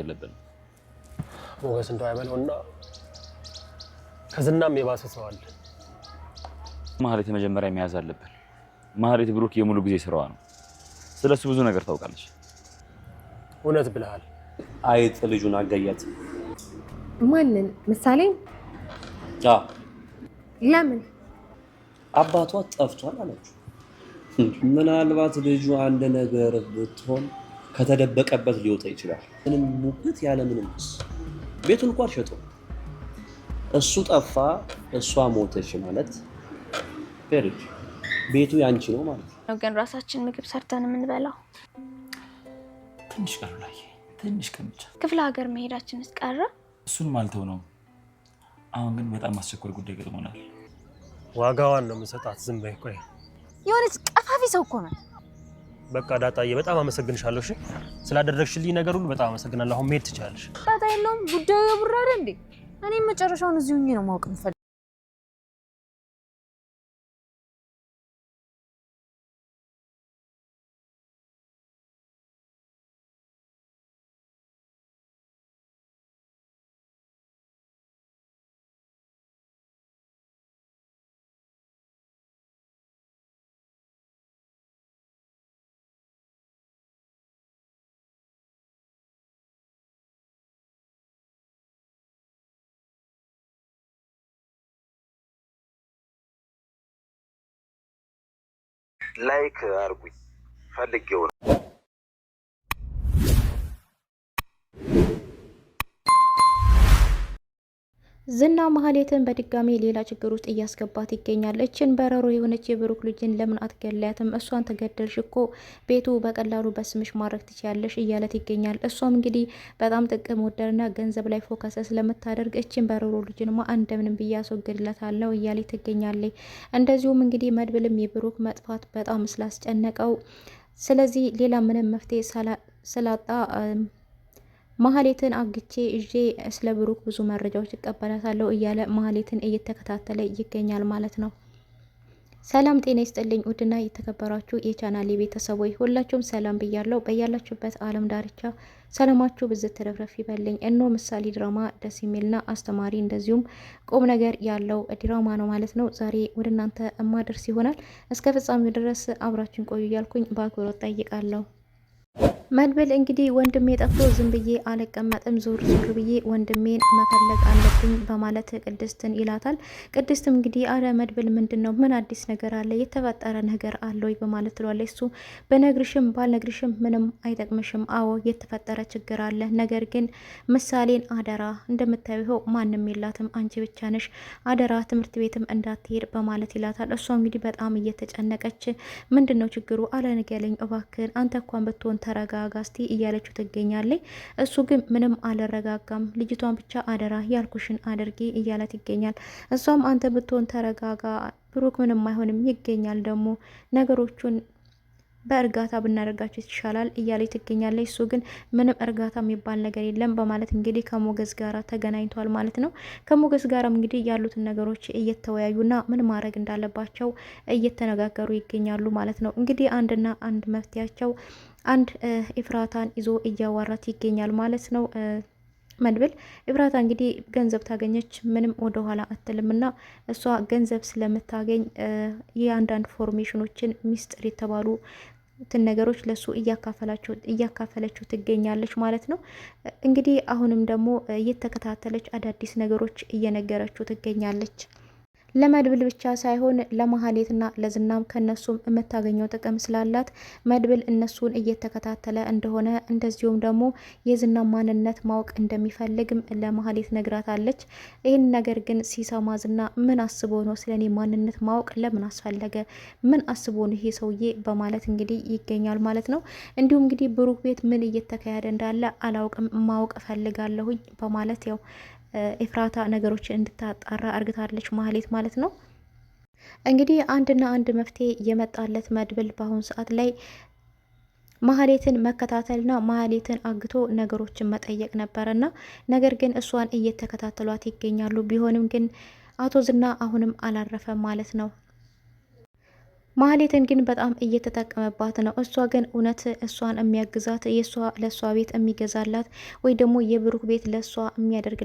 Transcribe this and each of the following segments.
የለብንም። ሞገስ እንደው አይበለውና ከዝናም የባሰ ሰው አለ። ማህሌት መጀመሪያ መያዝ አለብን። ማህሌት ብሩክ የሙሉ ጊዜ ስራዋ ነው። ስለሱ ብዙ ነገር ታውቃለች። እውነት ብለሃል። አይጥ ልጁን አጋያት። ማንን? ምሳሌ። ለምን? አባቷ ጠፍቷል አለችው። ምናልባት ልጁ አንድ ነገር ብትሆን ከተደበቀበት ሊወጣ ይችላል። ምንም ሙግት ያለ ምንም ስ ቤቱን እንኳን ሸጦ እሱ ጠፋ እሷ ሞተች ማለት ፌሪጅ ቤቱ ያንቺ ነው ማለት ነው። ግን ራሳችን ምግብ ሰርተን የምንበላው ትንሽ ቀሩ ላይ ትንሽ ብቻ ክፍለ ሀገር መሄዳችን እስቀረ እሱን ማልተው ነው። አሁን ግን በጣም አስቸኳይ ጉዳይ ገጥሞናል። ዋጋዋን ነው ምሰጣት ዝም በይ ቆይ፣ የሆነች ቀፋፊ ሰው እኮ ነው። በቃ ዳጣዬ በጣም አመሰግንሻለሁ። እሺ ስላደረግሽልኝ ነገር ሁሉ በጣም አመሰግናለሁ። አሁን መሄድ ትችላለሽ። ጣጣ የለውም ጉዳዩ የቡራ አይደል እንዴ? እኔም መጨረሻውን እዚሁ ነው ማወቅ ላይክ አድርጉኝ ፈልጌው ነው። ዝና ማህሌትን በድጋሚ ሌላ ችግር ውስጥ እያስገባት ይገኛል። እችን በረሮ የሆነች የብሩክ ልጅን ለምን አትገለያትም እሷን ተገደልሽ እኮ ቤቱ በቀላሉ በስምሽ ማድረግ ትችያለሽ እያለት ይገኛል። እሷም እንግዲህ በጣም ጥቅም ወደድና ገንዘብ ላይ ፎከስ ስለምታደርግ እችን በረሮ ልጅንማ እንደምንም ብዬ አስወግድላታለሁ እያለ ትገኛለች። እንደዚሁም እንግዲህ መድብልም የብሩክ መጥፋት በጣም ስላስጨነቀው ስለዚህ ሌላ ምንም መፍትሄ ስላጣ ማህሌትን አግቼ እዤ ስለ ብሩክ ብዙ መረጃዎች ይቀበላታለሁ እያለ ማህሌትን እየተከታተለ ይገኛል ማለት ነው። ሰላም ጤና ይስጥልኝ ውድና የተከበራችሁ የቻናሌ ቤተሰቦች ሁላችሁም ሰላም ብያለሁ። በያላችሁበት አለም ዳርቻ ሰላማችሁ ብዝት ተረፍረፍ ይበልኝ። እኖ ምሳሌ ድራማ ደስ የሚልና አስተማሪ እንደዚሁም ቁም ነገር ያለው ድራማ ነው ማለት ነው። ዛሬ ወደ እናንተ እማደርስ ይሆናል። እስከ ፍጻሜ ድረስ አብራችን ቆዩ እያልኩኝ በአክብሮት ጠይቃለሁ። መድብል እንግዲህ ወንድሜ ጠፍቶ ዝም ብዬ አልቀመጥም፣ ዞር ዞር ብዬ ወንድሜን መፈለግ አለብኝ በማለት ቅድስትን ይላታል። ቅድስትም እንግዲህ አረ መድብል ምንድን ነው? ምን አዲስ ነገር አለ? የተፈጠረ ነገር አለ ወይ? በማለት ትሏለች። እሱ በነግርሽም ባልነግርሽም ምንም አይጠቅምሽም። አዎ የተፈጠረ ችግር አለ። ነገር ግን ምሳሌን አደራ፣ እንደምታየው ማንም የላትም አንቺ ብቻ ነሽ። አደራ ትምህርት ቤትም እንዳትሄድ በማለት ይላታል። እሷ እንግዲህ በጣም እየተጨነቀች ምንድን ነው ችግሩ? አለንገለኝ እባክን አንተ እንኳን ብትሆን ተረጋጋ እስቲ እያለችው ትገኛለች። እሱ ግን ምንም አልረጋጋም። ልጅቷን ብቻ አደራ ያልኩሽን አድርጊ እያላት ይገኛል። እሷም አንተ ብትሆን ተረጋጋ፣ ብሩክ ምንም አይሆንም፣ ይገኛል ደግሞ ነገሮቹን በእርጋታ ብናደርጋቸው ይሻላል እያለች ትገኛለች። እሱ ግን ምንም እርጋታ የሚባል ነገር የለም በማለት እንግዲህ ከሞገስ ጋራ ተገናኝቷል ማለት ነው። ከሞገስ ጋራም እንግዲህ ያሉትን ነገሮች እየተወያዩና ምን ማድረግ እንዳለባቸው እየተነጋገሩ ይገኛሉ ማለት ነው። እንግዲህ አንድና አንድ መፍትያቸው አንድ ኢፍራታን ይዞ እያዋራት ይገኛል ማለት ነው። መድብል ኤፍራታ እንግዲህ ገንዘብ ታገኘች ምንም ወደ ኋላ አትልምና እሷ ገንዘብ ስለምታገኝ የአንዳንድ ፎርሜሽኖችን ሚስጥር የተባሉ ትን ነገሮች ለሱ እያካፈለችው ትገኛለች ማለት ነው። እንግዲህ አሁንም ደግሞ እየተከታተለች አዳዲስ ነገሮች እየነገረችው ትገኛለች። ለመድብል ብቻ ሳይሆን ለመሀሌትና ለዝናም ከነሱም የምታገኘው ጥቅም ስላላት መድብል እነሱን እየተከታተለ እንደሆነ እንደዚሁም ደግሞ የዝና ማንነት ማወቅ እንደሚፈልግም ለመሀሌት ነግራታለች። ይህን ነገር ግን ሲሰማ ዝና ምን አስቦ ነው እኔ ማንነት ማወቅ ለምን አስፈለገ? ምን አስቦ ነው ይሄ ሰውዬ? በማለት እንግዲህ ይገኛል ማለት ነው። እንዲሁም እንግዲህ ብሩክ ቤት ምን እየተካሄደ እንዳለ አላውቅም ማወቅ ፈልጋለሁኝ በማለት ያው ኤፍራታ ነገሮችን እንድታጣራ አርግታለች ማህሌት ማለት ነው። እንግዲህ አንድና አንድ መፍትሄ የመጣለት መድብል በአሁኑ ሰዓት ላይ ማህሌትን መከታተልና ማህሌትን አግቶ ነገሮችን መጠየቅ ነበረና ነገር ግን እሷን እየተከታተሏት ይገኛሉ። ቢሆንም ግን አቶ ዝና አሁንም አላረፈም ማለት ነው። ማህሌትን ግን በጣም እየተጠቀመባት ነው። እሷ ግን እውነት እሷን የሚያግዛት የእሷ ለእሷ ቤት የሚገዛላት ወይ ደግሞ የብሩክ ቤት ለእሷ የሚያደርግ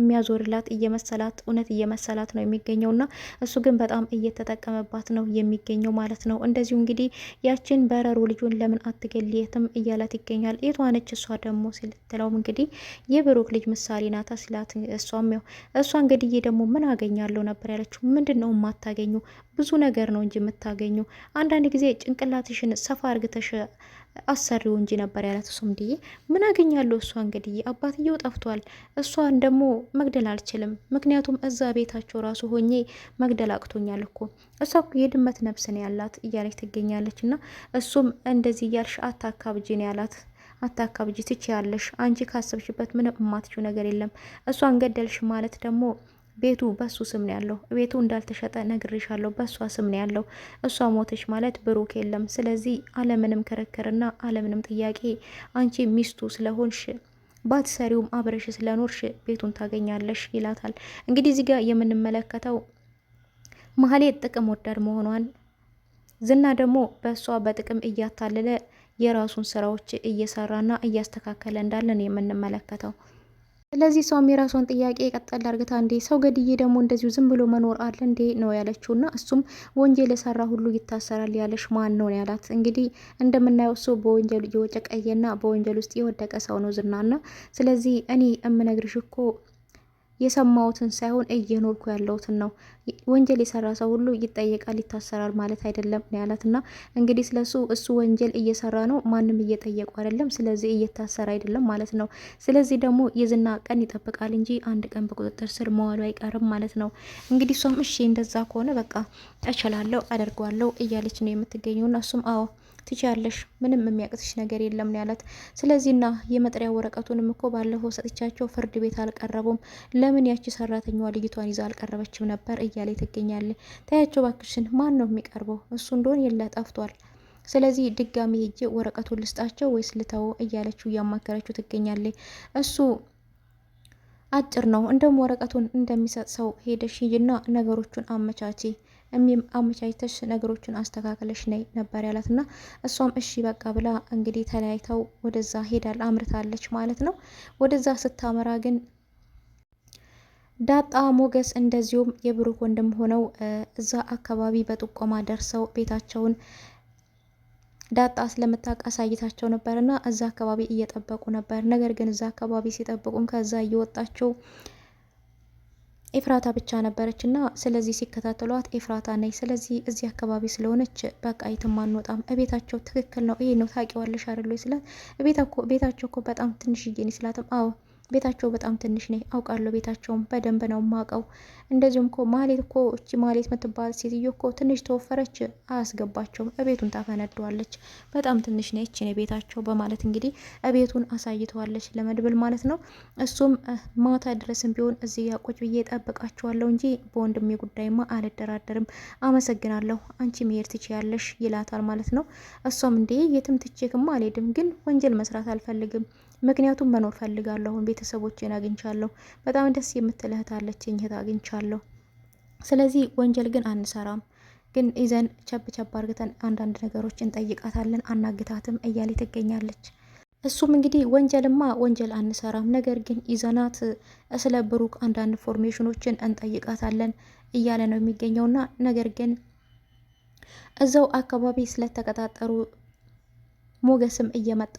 የሚያዞርላት እየመሰላት እውነት እየመሰላት ነው የሚገኘው ና እሱ ግን በጣም እየተጠቀመባት ነው የሚገኘው ማለት ነው። እንደዚሁ እንግዲህ ያችን በረሩ ልጁን ለምን አትገልየትም እያላት ይገኛል። የቷነች እሷ ደግሞ ስትለውም እንግዲህ የብሩክ ልጅ ምሳሌ ናታ ሲላት እሷም ያው እሷ እንግዲህ ደግሞ ምን አገኛለሁ ነበር ያለችው። ምንድን ነው የማታገኙ? ብዙ ነገር ነው እንጂ የምታገኙ። አንዳንድ ጊዜ ጭንቅላትሽን ሰፋ አርግተሽ አሰሪው እንጂ ነበር ያላት። እሱም ድዬ ምን አገኛለሁ እሷ እንግዲህ አባትየው ጠፍቷል፣ እሷን ደግሞ መግደል አልችልም። ምክንያቱም እዛ ቤታቸው ራሱ ሆኜ መግደል አቅቶኛል እኮ እሷ የድመት ነብስ ነው ያላት እያለች ትገኛለች። እና እሱም እንደዚህ እያልሽ አታካብጂ ነው ያላት። አታካብጂ ትችያለሽ፣ አንቺ ካሰብሽበት ምንም እማትችው ነገር የለም። እሷን ገደልሽ ማለት ደግሞ ቤቱ በሱ ስም ነው ያለው። ቤቱ እንዳልተሸጠ ነግሬሻለሁ። በሷ ስም ነው ያለው። እሷ ሞተች ማለት ብሩክ የለም። ስለዚህ አለምንም ክርክርና አለምንም ጥያቄ አንቺ ሚስቱ ስለሆንሽ ባትሰሪውም አብረሽ ስለኖርሽ ቤቱን ታገኛለሽ ይላታል። እንግዲህ እዚህ ጋር የምንመለከተው ማህሌት ጥቅም ወዳድ መሆኗን ዝና ደግሞ በእሷ በጥቅም እያታለለ የራሱን ስራዎች እየሰራና እያስተካከለ እንዳለን የምንመለከተው ስለዚህ ሰውም የራሷን ጥያቄ ቀጠል አርግታ እንዴ ሰው ገድዬ ደግሞ እንደዚሁ ዝም ብሎ መኖር አለ እንዴ ነው ያለችው። እና እሱም ወንጀል የሰራ ሁሉ ይታሰራል ያለሽ ማን ነው ያላት። እንግዲህ እንደምናየው እሱ በወንጀል የወጨቀየና በወንጀል ውስጥ የወደቀ ሰው ነው ዝናና። ስለዚህ እኔ እምነግርሽ እኮ የሰማሁትን ሳይሆን እየኖርኩ ያለሁትን ነው። ወንጀል የሰራ ሰው ሁሉ ይጠየቃል፣ ይታሰራል ማለት አይደለም ነው ያላት እና እንግዲህ ስለሱ እሱ ወንጀል እየሰራ ነው፣ ማንም እየጠየቁ አይደለም፣ ስለዚህ እየታሰረ አይደለም ማለት ነው። ስለዚህ ደግሞ የዝና ቀን ይጠብቃል እንጂ አንድ ቀን በቁጥጥር ስር መዋሉ አይቀርም ማለት ነው። እንግዲህ እሷም እሺ እንደዛ ከሆነ በቃ እችላለሁ፣ አደርገዋለሁ እያለች ነው የምትገኘው እና እሱም አዎ ትችያለሽ፣ ምንም የሚያቅትሽ ነገር የለም ነው ያላት። ስለዚህና የመጥሪያ ወረቀቱንም እኮ ባለፈው ሰጥቻቸው ፍርድ ቤት አልቀረቡም። ለምን ያቺ ሰራተኛዋ ልጅቷን ይዛ አልቀረበችም ነበር እያለ ትገኛለ። ታያቸው ባክሽን፣ ማን ነው የሚቀርበው? እሱ እንደሆን የለ ጠፍቷል። ስለዚህ ድጋሚ ሄጄ ወረቀቱን ልስጣቸው ወይስ ልተው እያለችው እያማከረችው ትገኛለች። እሱ አጭር ነው እንደም ወረቀቱን እንደሚሰጥ ሰው ሄደሽ ሂጂና ነገሮቹን አመቻቼ አመቻችተሽ ነገሮችን አስተካክለሽ ነይ ነበር ያላት እና እሷም እሺ በቃ ብላ እንግዲህ ተለያይተው ወደዛ ሄዳል አምርታለች ማለት ነው። ወደዛ ስታመራ ግን ዳጣ ሞገስ እንደዚሁም የብሩክ ወንድም ሆነው እዛ አካባቢ በጥቆማ ደርሰው ቤታቸውን ዳጣ ስለምታውቅ አሳይታቸው ነበር እና እዛ አካባቢ እየጠበቁ ነበር። ነገር ግን እዛ አካባቢ ሲጠብቁም ከዛ እየወጣቸው ኤፍራታ ብቻ ነበረች እና ስለዚህ ሲከታተሏት ኤፍራታ ነኝ፣ ስለዚህ እዚህ አካባቢ ስለሆነች በቃ የትም አንወጣም፣ እቤታቸው ትክክል ነው፣ ይሄ ነው ታውቂዋለሽ አይደል ስላት፣ ቤታቸው እኮ በጣም ትንሽዬ ነው ስላትም፣ አዎ ቤታቸው በጣም ትንሽ ነኝ አውቃለሁ። ቤታቸውን በደንብ ነው ማቀው። እንደዚሁም ኮ ማሌት ኮ እቺ ማሌት የምትባል ሴትዮ ኮ ትንሽ ተወፈረች አያስገባቸውም፣ እቤቱን ታፈነደዋለች። በጣም ትንሽ ነች እኔ ቤታቸው በማለት እንግዲህ እቤቱን አሳይተዋለች ለመድብል ማለት ነው። እሱም ማታ ድረስም ቢሆን እዚህ ያቆጭ ብዬ ጠብቃቸዋለሁ እንጂ በወንድሜ ጉዳይማ አልደራደርም። አመሰግናለሁ፣ አንቺ መሄድ ትችያለሽ ይላታል ማለት ነው። እሷም እንዴ የትም ትቼክማ አልሄድም፣ ግን ወንጀል መስራት አልፈልግም ምክንያቱም መኖር ፈልጋለሁ። አሁን ቤተሰቦቼን አግኝቻለሁ። በጣም ደስ የምትል እህት አለችኝ፣ እህት አግኝቻለሁ። ስለዚህ ወንጀል ግን አንሰራም፣ ግን ይዘን ቸብ ቸብ አርግተን አንዳንድ ነገሮች እንጠይቃታለን፣ አናግታትም እያሌ ትገኛለች። እሱም እንግዲህ ወንጀልማ ወንጀል አንሰራም፣ ነገር ግን ይዘናት ስለ ብሩክ አንዳንድ ኢንፎርሜሽኖችን እንጠይቃታለን እያለ ነው የሚገኘውና ነገር ግን እዛው አካባቢ ስለተቀጣጠሩ ሞገስም እየመጣ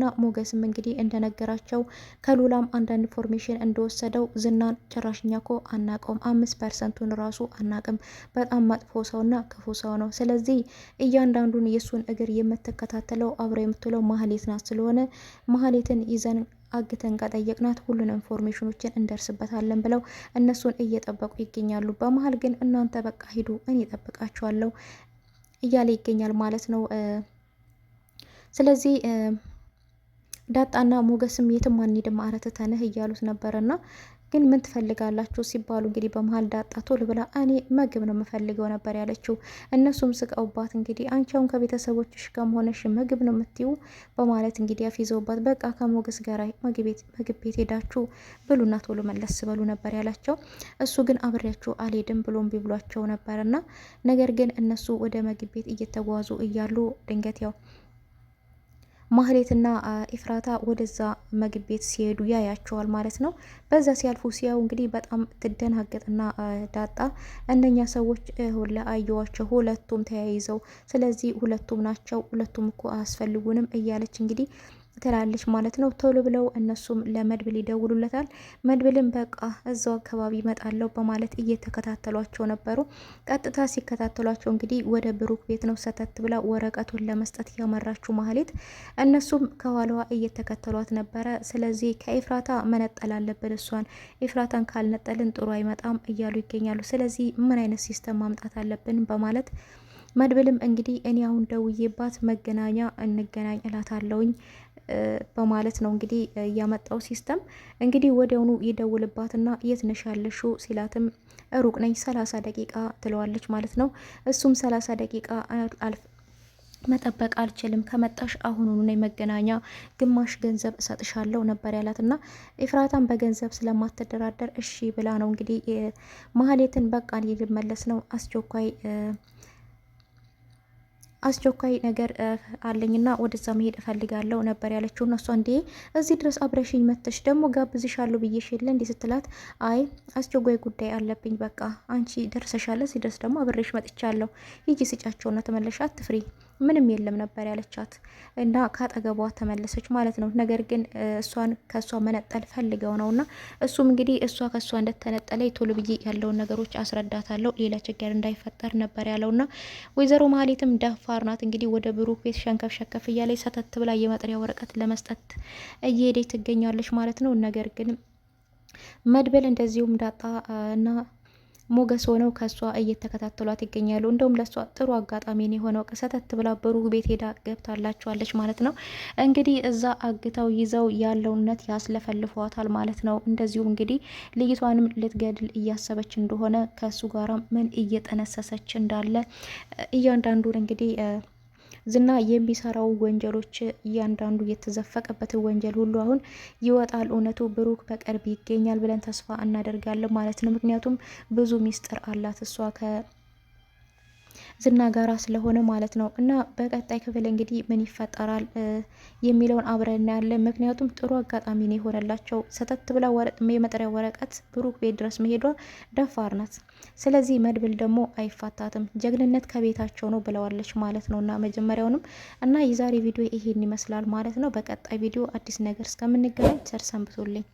ና ሞገስም እንግዲህ እንደነገራቸው ከሉላም አንዳንድ ኢንፎርሜሽን እንደወሰደው ዝናን ጭራሽኛ ኮ አናቀውም፣ አምስት ፐርሰንቱን ራሱ አናቅም፣ በጣም መጥፎ ሰውና ክፉ ሰው ነው። ስለዚህ እያንዳንዱን የእሱን እግር የምትከታተለው አብረ የምትለው ማህሌት ናት። ስለሆነ ማህሌትን ይዘን አግተን ከጠየቅናት ሁሉን ኢንፎርሜሽኖችን እንደርስበታለን ብለው እነሱን እየጠበቁ ይገኛሉ። በመሀል ግን እናንተ በቃ ሂዱ፣ እኔ እጠብቃችኋለሁ እያለ ይገኛል ማለት ነው። ስለዚህ ዳጣና ሞገስም የትም አንሄድም አረትተንህ እያሉት ነበረና ግን ምን ትፈልጋላችሁ ሲባሉ እንግዲህ በመሀል ዳጣ ቶል ብላ እኔ ምግብ ነው የምፈልገው ነበር ያለችው። እነሱም ስቀውባት እንግዲህ አንቻውን ከቤተሰቦችሽ ጋርም ሆነሽ ምግብ ነው የምትዩ በማለት እንግዲህ አፊዘውባት በቃ ከሞገስ ጋር ምግብ ቤት ሄዳችሁ ብሉና ቶሎ መለስ ስበሉ ነበር ያላቸው። እሱ ግን አብሬያችሁ አልሄድም ብሎ እምቢ ብሏቸው ነበርና ነገር ግን እነሱ ወደ ምግብ ቤት እየተጓዙ እያሉ ድንገት ያው ማህሌትና ኢፍራታ ወደዛ ምግብ ቤት ሲሄዱ ያያቸዋል ማለት ነው። በዛ ሲያልፉ ሲያው እንግዲህ በጣም ትደናገጥና ዳጣ እነኛ ሰዎች ሁላ አየዋቸው ሁለቱም ተያይዘው፣ ስለዚህ ሁለቱም ናቸው ሁለቱም እኮ አያስፈልጉንም እያለች እንግዲህ ትላለች ማለት ነው። ቶሎ ብለው እነሱም ለመድብል ይደውሉለታል። መድብልን በቃ እዛው አካባቢ ይመጣለው በማለት እየተከታተሏቸው ነበሩ። ቀጥታ ሲከታተሏቸው እንግዲህ ወደ ብሩክ ቤት ነው ሰተት ብላ ወረቀቱን ለመስጠት ያመራችው ማህሌት። እነሱም ከኋላዋ እየተከተሏት ነበረ። ስለዚህ ከኤፍራታ መነጠል አለብን፣ እሷን ኤፍራታን ካልነጠልን ጥሩ አይመጣም እያሉ ይገኛሉ። ስለዚህ ምን አይነት ሲስተም ማምጣት አለብን በማለት መድብልም እንግዲህ እኔ አሁን ደውዬባት መገናኛ እንገናኝ እላታለውኝ በማለት ነው እንግዲህ ያመጣው ሲስተም። እንግዲህ ወዲያውኑ ይደውልባትና የት ነሽ ያለሽው ሲላትም ሩቅ ነኝ ሰላሳ ደቂቃ ትለዋለች ማለት ነው። እሱም ሰላሳ ደቂቃ አልፍ መጠበቅ አልችልም ከመጣሽ አሁኑኑ ነው መገናኛ ግማሽ ገንዘብ እሰጥሻለሁ ነበር ያላት እና ኢፍራታን በገንዘብ ስለማትደራደር እሺ ብላ ነው እንግዲህ ማህሌትን በቃ ልመለስ ነው አስቸኳይ አስቸኳይ ነገር አለኝና ወደዛ መሄድ እፈልጋለሁ ነበር ያለችው። እነሷ እንዴ እዚህ ድረስ አብረሽኝ መተሽ ደግሞ ጋብዝሻለሁ ብዬሽ የለ እንዲህ ስትላት፣ አይ አስቸኳይ ጉዳይ አለብኝ በቃ አንቺ ደርሰሻለ፣ እዚህ ድረስ ደግሞ አብሬሽ መጥቻለሁ፣ ሂጂ ስጫቸውና ተመለሻ አትፍሪ ምንም የለም ነበር ያለቻት እና ካጠገቧ ተመለሰች ማለት ነው። ነገር ግን እሷን ከእሷ መነጠል ፈልገው ነው እና እሱም እንግዲህ እሷ ከእሷ እንደተነጠለ ቶሎ ብዬ ያለውን ነገሮች አስረዳታለሁ ሌላ ችግር እንዳይፈጠር ነበር ያለው እና ወይዘሮ መሀሌትም ደፋር ናት እንግዲህ ወደ ብሩክ ቤት ሸንከፍ ሸከፍ እያለች ሰተት ብላ የመጥሪያ ወረቀት ለመስጠት እየሄደች ትገኛለች ማለት ነው። ነገር ግን መድበል እንደዚሁም ዳጣ እና ሞገስ ሆነው ከእሷ እየተከታተሏት ይገኛሉ። እንደውም ለእሷ ጥሩ አጋጣሚን የሆነው ቅሰተት ብላ ብሩክ ቤት ሄዳ ገብታላችኋለች ማለት ነው። እንግዲህ እዛ አግተው ይዘው ያለውነት ያስለፈልፏታል ማለት ነው። እንደዚሁም እንግዲህ ልይቷንም ልትገድል እያሰበች እንደሆነ ከእሱ ጋራ ምን እየጠነሰሰች እንዳለ እያንዳንዱን እንግዲህ ዝና የሚሰራው ወንጀሎች እያንዳንዱ የተዘፈቀበት ወንጀል ሁሉ አሁን ይወጣል። እውነቱ ብሩክ በቅርብ ይገኛል ብለን ተስፋ እናደርጋለን ማለት ነው። ምክንያቱም ብዙ ሚስጥር አላት እሷ ዝና ጋራ ስለሆነ ማለት ነው። እና በቀጣይ ክፍል እንግዲህ ምን ይፈጠራል የሚለውን አብረን እናያለን። ምክንያቱም ጥሩ አጋጣሚ ነው የሆነላቸው። ሰተት ብላ የመጠሪያ ወረቀት ብሩክ ቤት ድረስ መሄዷ ደፋር ናት። ስለዚህ መድብል ደግሞ አይፋታትም። ጀግንነት ከቤታቸው ነው ብለዋለች ማለት ነው እና መጀመሪያውንም እና የዛሬ ቪዲዮ ይሄን ይመስላል ማለት ነው። በቀጣይ ቪዲዮ አዲስ ነገር እስከምንገናኝ ቸር ሰንብቱልኝ።